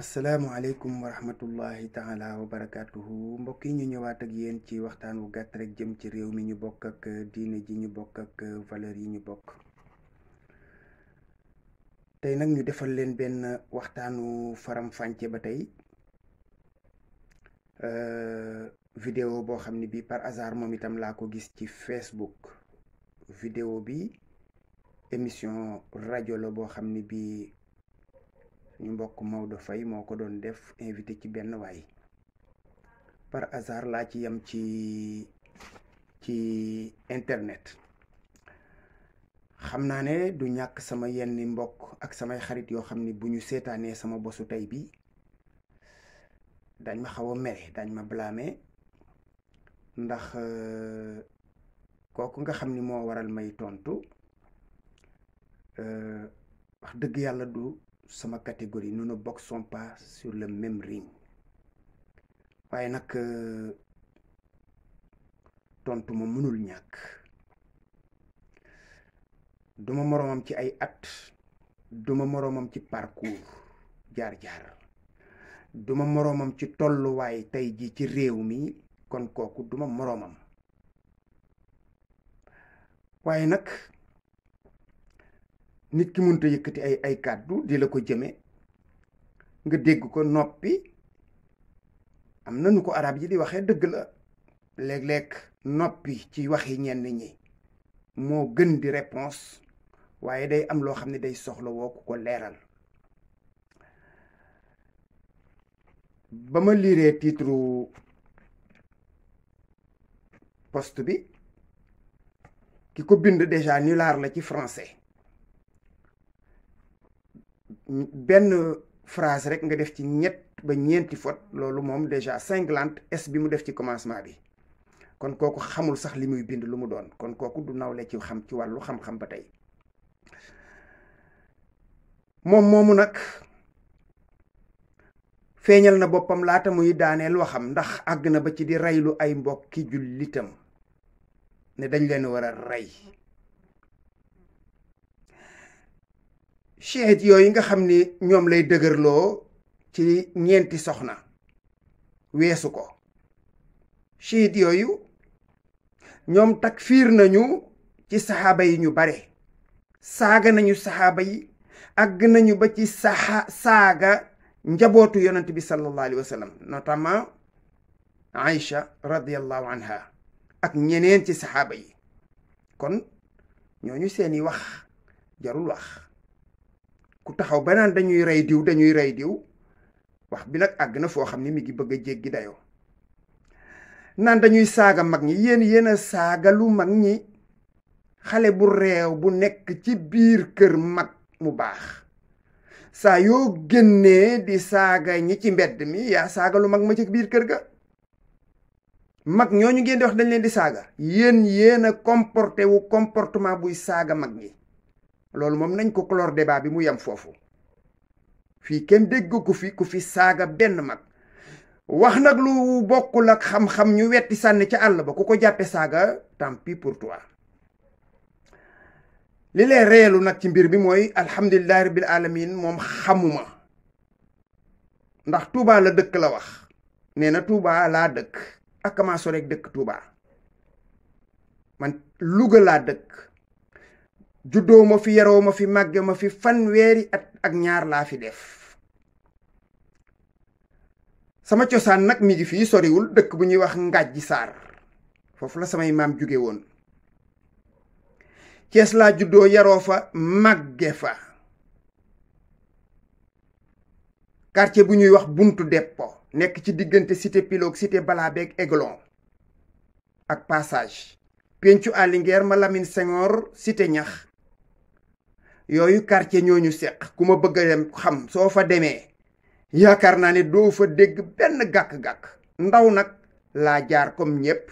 asalaamualeykum wa rahmatullahi taala wa barakaatuhu mbokk yi ñu ñëwaat ak yéen ci waxtaan wu gàtt rek jëm ci réew mi ñu bokk ak diine ji ñu bokk ak valeur yi ñu bokk tey nag ñu defal leen benn waxtaanu faram-fàcce ba tey euh, vidéo boo xam ne bi par hasard moom itam laa ko gis ci Facebook vidéo bi émission rajo la boo xam ne bi ñu mbokk Maodo Faye moo ko doon def invité ci benn waay par hasard laa ci yem ci ci internet xam naa ne du ñàkk sama yenn mbokk ak samay xarit yoo xam ni bu ñu seetaanee sama bosu tey bi dañ ma xaw a mere dañ ma blâmer ndax euh, kooku nga xam ni moo waral may tontu euh, wax dëgg yàlla du sama catégorie nous ne boxons pas sur le même ring waaye nag euh, tontu ma mënul ñàkk duma moroomam ci ay at duma moroomam ci parcours jaar-jaar duma moroomam ci tolluwaay tey ji ci réew mi kon kooku duma moroomam waaye nag nit ki mënut a yëkkati ay ay kàddu di la ko jëme nga dégg ko noppi am na ko arab yi di waxee dëgg la léeg-léeg noppi ci waxi ñenn ñi moo gën di réponse waaye day am loo xam ne day soxla woo ku ko leeral ba ma liiree titre post bi ki ko bind déjà ni laar la ci français benn phrase rek nga def ci ñett ba ñeenti faute loolu moom déjà cinglante s bi mu def ci commencement bi kon kooku xamul sax li muy bind lu mu doon kon kooku du nawle ci xam ci wàllu xam-xam ba tey moom moomu nag feeñal na boppam laata muy daaneel waxam ndax àgg na ba ci di reylu ay mbokki jullitam ne dañ leen war a rey chiite yooyu nga xam ni ñoom lay dëgërloo ci ñeenti soxna weesu ko chiite yooyu ñoom takfiir nañu ci saxaaba yi ñu bare saaga nañu saxaaba yi àgg nañu ba ci saxa saaga njabootu yonent bi sallallahu alayhi wa sallam notamment radiyallahu anha ak ñeneen ci saxaaba yi kon ñooñu seeni wax jarul wax ku taxaw ba naan dañuy rey diw dañuy rey diw wax bi nag àgg na foo xam ni mi ngi bëgg a jéggi dayoo naan dañuy saaga mag ñi yéen yéen saaga lu mag ñi xale bu réew bu nekk ci biir kër mag mu baax saa yoo génnee di saaga ñi ci mbedd mi yaa saaga lu mag ma ci biir kër ga mag ñooñu ngeen di wax dañ leen di saaga yéen yéen a comporté wu comportement buy saaga mag ñi loolu moom nañ ko clore débat bi mu yem foofu fii kenn dégg ko fi ku fi saaga benn mag wax nag lu bokkul ak xam-xam ñu wetti sànni ca àll ba ku ko jàppe saaga tant pour toi li lay reelu nag ci mbir bi mooy alhamdulillahi rabbil alamin moom xamuma ndax Touba la dëkk la wax nee na Touba laa dëkk ak rek dëkk Touba man luga laa dëkk juddoo ma fi yaroo ma fi màgge ma fi fanweeri at ak ñaar laa fi def sama cosaan nag mi ngi fii soriwul dëkk bu ñuy wax Ngàjji Saar foofu la samay maam jóge woon Cees laa juddoo yaroo fa màgge fa quartier bu ñuy wax Buntu Dépôt nekk ci diggante cité Pilogue cité Balabeeg Aiglon ak passage pencu Alinguer ma Lamine Senghor cité ñax yooyu ñoo ñu seq ku ma bëgg a dem xam soo fa demee yaakaar naa ne doo fa dégg benn gàkk-gàkk ndaw nag laa jaar comme ñépp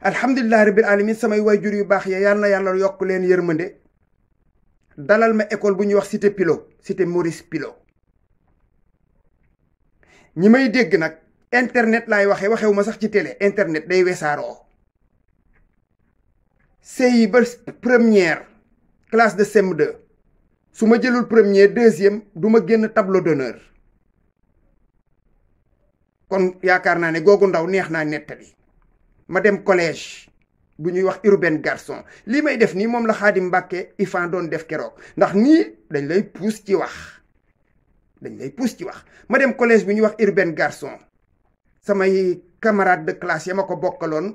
alhamdulilah rabbil alamin samay way jur yu baax ya yal na yàlla yokk leen yërmande dalal ma école bu ñuy wax cité Pilo cité Maurice Pilo ñi may dégg nag internet laay waxee waxewu ma sax ci télé internet day wesaaroo séyi ba première classe de CM2 su ma jëlul premier deuxième du ma génn tableau d'honneur kon yaakaar naa ne googu ndaw neex naa nettali ma dem collège bu ñuy wax urbaine garçon lii may def nii moom la Xaadim Mbàkke ifan doon def keroog ndax nii dañ lay puus ci wax dañ lay puus ci wax ma dem collège bu ñuy wax urbaine garçon samay camarade de classe ya ma ko bokkaloon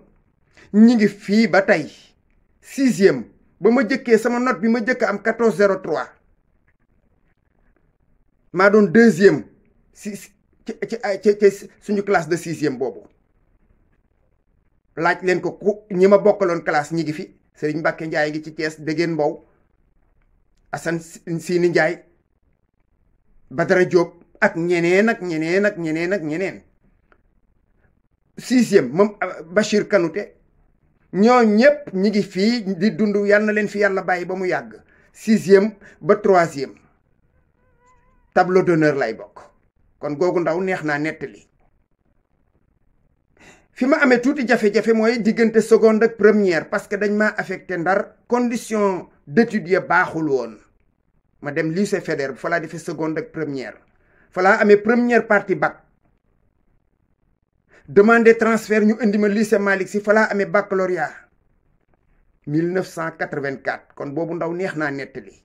ñi ngi fii ba tey sixième ba ma jëkkee sama note bi ma jëkk am 1403 maa doon deuxième si ci ci ci classe de sixième boobu laaj leen ko ku ñi ma bokkaloon classe ñi ngi fi Serigne Mbacke Ndiaye ngi ci Thiès Dégeen Mbow Assane Sini Ndiaye Badara Diop ak ñeneen ak ñeneen ak ñeneen ak ñeneen sixième moom Bachir Kanouté ñoo ñëpp ñi ngi fii di dund yal na leen fi yàlla bàyyi ba mu yàgg sixième ba troisième tableau d'honneur lay bokk kon googu ndaw neex naa nettali fi ma amee tuuti jafe-jafe mooy diggante seconde ak première parce que dañ maa affecté ndar condition d'étude ya baaxul woon ma dem lycée feder fa laa defee seconde ak première fa laa amee première partie bac demandé transfert ñu indi ma lycée Malick Sy fa laa amee baccalauréat 1984 kon boobu ndaw neex naa nettali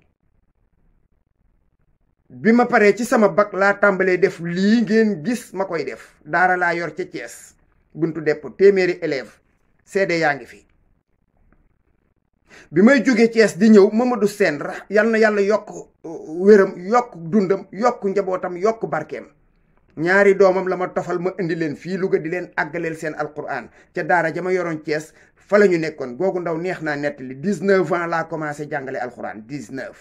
bi ma paree ci sama bac laa tàmbalee def lii ngeen gis ma koy def daara laa yor ci Thiès buntu depp téeméeri élève seede yaa ngi fi bi may jógee cees di ñëw Mamadou Sène ra yal na yàlla yokk uh, wéram yokk dundam yokk njabootam yokk barkeem ñaari doomam la ma tofal ma indi leen fii Louga di leen àggaleel seen alquran ca daara ja ma yoroon Thiès fa la ñu nekkoon googu ndaw neex naa nettali 19 ans laa commencé jàngale alquran 19.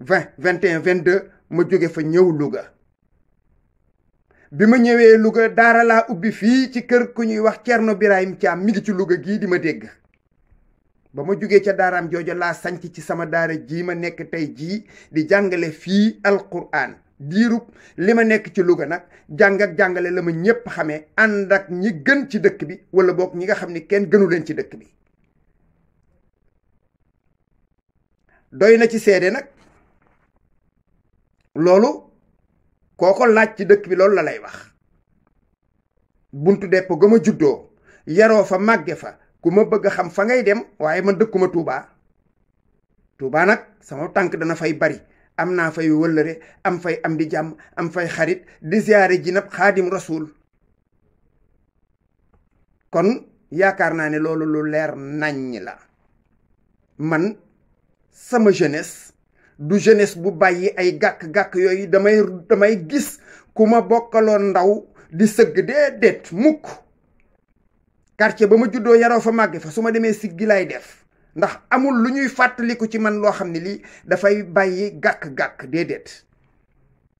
20 21 22 ma jóge fa ñëw Louga bi ma ñëwee Louga daara laa ubbi fii ci kër ku ñuy wax Thierno Birahim Thiam mi ngi ci Louga gii di ma dégg. ba ma jógee ca daaraam jooja laa sanc ci sama daara jii ma nekk tey jii di jàngale fii alquraan diirub li ma nekk ci Louga nag jàng jàngale la ma ñépp xame ànd ak ñi gën ci dëkk bi wala boog ñi nga xam ni kenn gënu leen ci dëkk bi doy na ci seede nag loolu kooko laaj ci dëkk bi loolu la lay wax buntu depp ga ma juddoo yaroo fa màgge fa ku ma bëgg a xam fa ngay dem waaye man dëkkuma Touba Touba nag sama tànk dana fay bari am naa fay wëllëre am fay am di jàmm ji nag xaadim kon yaakaar naa ne loolu lu leer naññ la man sama jeunesse du jeunesse bu bàyyi ay gàkk-gàkk yooyu damay damay gis ku ma bokkaloon ndaw di sëgg déedéet mukk quartier ba ma juddoo yaroo fa màgg fa su ma demee siggi laay def ndax amul lu ñuy fàttaliku ci man loo xam ne lii dafay bàyyi gàkk-gàkk déedéet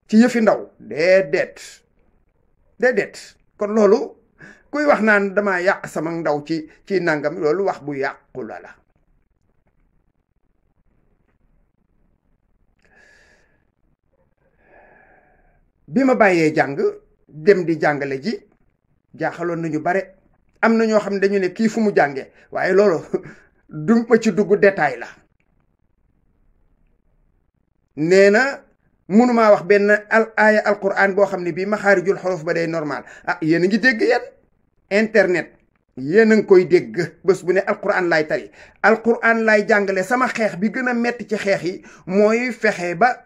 ci yëfi ndaw déedéet déedéet kon loolu kuy wax naan dama yàq sama ndaw ci ci nangam loolu wax bu yàqu la bi ma bàyyee jàng dem di jàngale ji jaaxaloon na ñu bare am na ñoo xam ne dañu ne kii fu mu jànge waaye loolu du ma ci dugg détail la nee na mënumaa wax benn al aaya alquran boo xam ne bii ma maxaarijul xorof ba day normal ah yéen a ngi dégg yéen internet yéen a ngi koy dégg bës bu ne alquran laay tari alquran laay jàngale sama xeex bi gën a metti ci xeex yi mooy fexe ba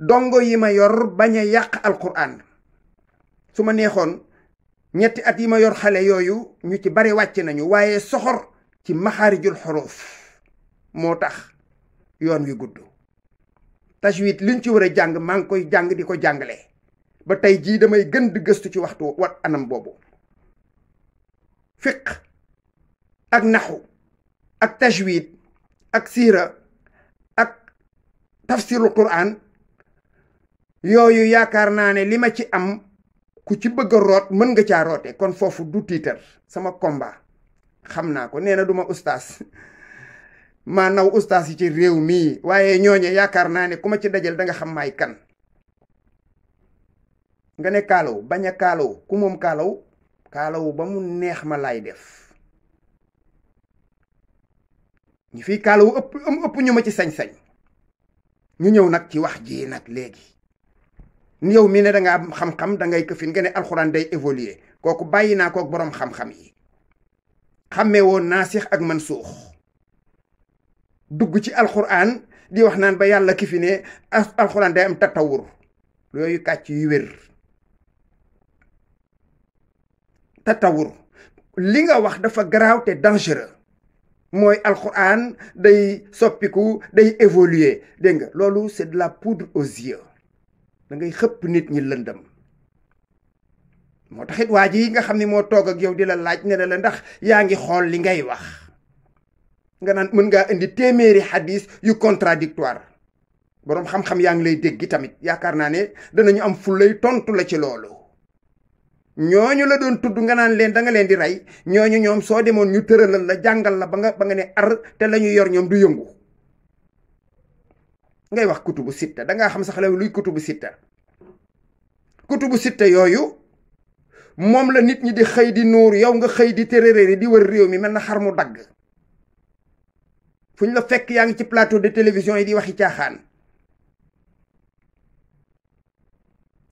dongo yi ma yor bañ a yàq alquran su ma neexoon ñetti at yi ma yor xale yooyu ñu ci bari wàcc nañu waaye soxor ci maxaarijul xuruf moo tax yoon wi gudd tajwid liñ ci war a jàng maa ngi koy jàng di ko jàngale ba tey jii damay gën di gëstu ci waxtu wat anam boobu fiq ak naxu ak tajwid ak siira ak tafsirul quran yooyu yaakaar naa ne li ma ci am ku ci bëgg a root mën nga caa roote kon foofu du tiitar sama komba xam naa ko nee na du ma ustaas maa naw ustaas yi ci réew mii waaye ñooñe yaakaar naa ne ku ma ci dajal da nga xam maay kan nga ne kaalaw bañ a kaalaw ku moom kaalaw kaalaw ba mu neex ma laay def ñu fiy kaalaw ëpp ëpp ñu ma ci sañ-sañ ñu ñëw nag ci wax ji nag léegi yow mii ne da nga am xam-xam da ngay këfin nga ne alxuraan day évoluer kooku bàyyi naa kook boroom xam-xam yi xàmmee woon naasix ak man mansuux dugg ci alxuraan di wax naan ba yàlla ki fi ne alxuraan day am tatawur yooyu kàcc yu wér tatawur li nga wax dafa garaaw te dangereux mooy alxuraan day soppiku day évoluer dégg nga loolu c'est de la poudre aux da ngay xëpp nit ñi lëndëm moo taxit waa ji yi nga xam ni moo toog ak yow di la laaj ne la ndax yaa ngi xool li ngay wax nga naan mën ngaa indi téeméeri xadis yu contradictoire boroom xam-xam yaa ngi lay dégg tamit yaakaar naa ne danañu am fulay tontu la ci loolu ñooñu la doon tudd nga naan leen da nga leen di rey ñooñu ñoom soo demoon ñu tëralal la jàngal la ba nga ba nga ne ar te la ñu yor ñoom du yëngu ngay wax kutubu sitta dangaa xam sax luy kutubu sitta kutubu sitta yooyu moom la nit ñi di xëy di nuur yow nga xëy di yi di wër réew mi mel na xar mu dagg fu ñu la fekk yaa ngi ci plateau de télévision yi di waxi caaxaan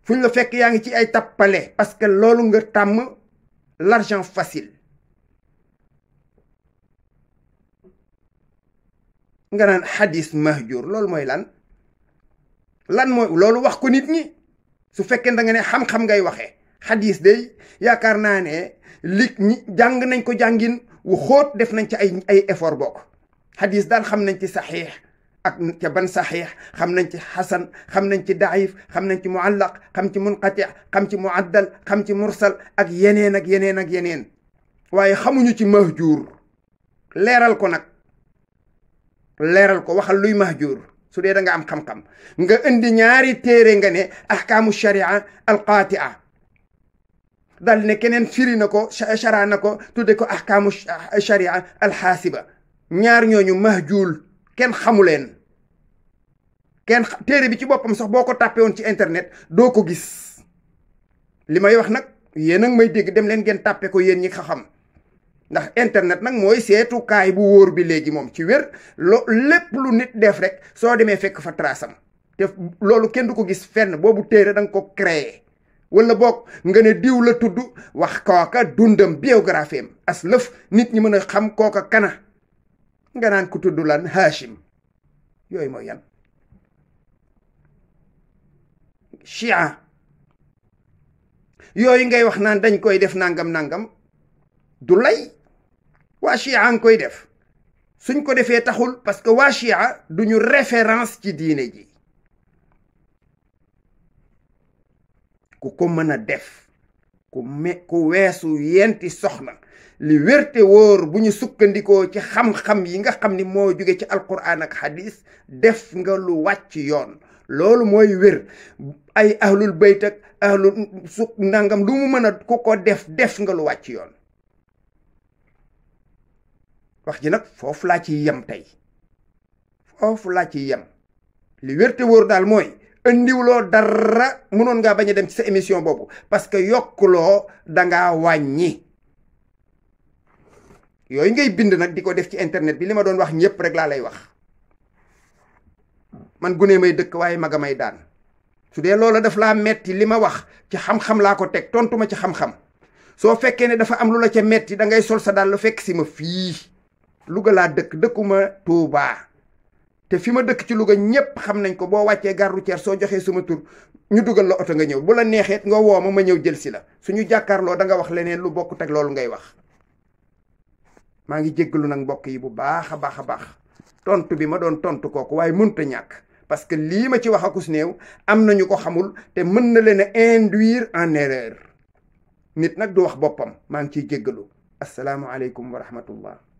fu la fekk yaa ngi ci ay tappale parce loolu nga tàmm l'argent facile nga naan xadis mahjur loolu mooy lan lan mooy loolu wax ko nit ñi su fekkee da nga ne xam-xam ngay waxe xadis day yaakaar naa ne li ñi jàng nañ ko jàngin wu xóot def nañ ci ay ay effort bokk xadis daal xam nañ ci saxiix ak ca ban saxiix xam nañ ci xasan xam nañ ci daif xam nañ ci muallaq kam ci munqati kam ci muaddal xam ci mursal ak yeneen ak yeneen ak yeneen waaye xamuñu ci mahjur leeral ko nag leeral ko waxal luy mahjur su dee da nga am xam-xam nga indi ñaari téere nga ne ahkaamu sharia alqaatia dal ne keneen firi na ko shara na ko tudde ko ahkaamu ah, sharia alxaasiba ñaar ñooñu mahjul kenn xamuleen kenn téere bi ci boppam sax boo ko tàppee woon ci internet doo ko gis li may wax nag yéen a ngi may dégg dem leen ngeen tàppe ko yéen ñi xa xam ndax internet nag mooy seetukaay bu wóor bi léegi moom ci wér lo lépp lu nit def rek soo demee fekk fa trasam te loolu kenn du ko gis fenn boobu téere danga ko créer wala boog nga ne diw la tudd wax kooka dundam biographie am as lëf nit ñi mën a xam kooka kana nga naan ku tudd lan Hachim yooyu mooy yan chia yooyu ngay wax naan dañ koy def nangam nangam du lay waa chia ngi koy def suñ ko defee taxul parce que waa chia duñu référence ci diine ji ku ko mën a def ku me ku weesu yenti soxna li wérte wóor bu ñu sukkandikoo ci xam-xam yi nga xam ni moo jóge ci alquran ak hadis def nga lu wàcc yoon loolu mooy wér ay ahlul bayt ak su nangam lu mu mën a ku ko def def nga lu wàcc yoon wax ji nag foofu laa ci yem tey foofu laa ci yem li wérte te wóor daal mooy indiwloo dara mënoon ngaa bañ a dem ci sa émission boobu parce que yokkuloo dangaa wàññi yooyu ngay bind nag di ko def ci internet bi li ma doon wax ñëpp rek laa lay wax man gune may dëkk waaye maga may daan su dee loola daf laa metti li ma wax ci xam-xam laa ko teg tontuma ci xam-xam soo fekkee ne dafa am lu la ca metti da ngay sol sa daal lu fekk si ma fii Louga laa dëkk dëkkuma Touba te fi ma dëkk ci Louga ñëpp xam nañ ko boo wàccee gare routière soo joxee suma tur ñu dugal la oto nga ñëw bu la neexee nga woo ma ma ñëw jël si la suñu jàkkaarloo da nga wax leneen lu bokk teg loolu ngay wax. maa ngi jéggalu nag mbokk yi bu baax a baax a baax tont bi ma doon tontu kooku waaye mënut ñàkk parce que lii ma ci wax akus néew am na ñu ko xamul te mën na leen a induire en erreur nit nag du wax boppam maa ngi ciy jéggalu asalaamualeykum wa rahmatullah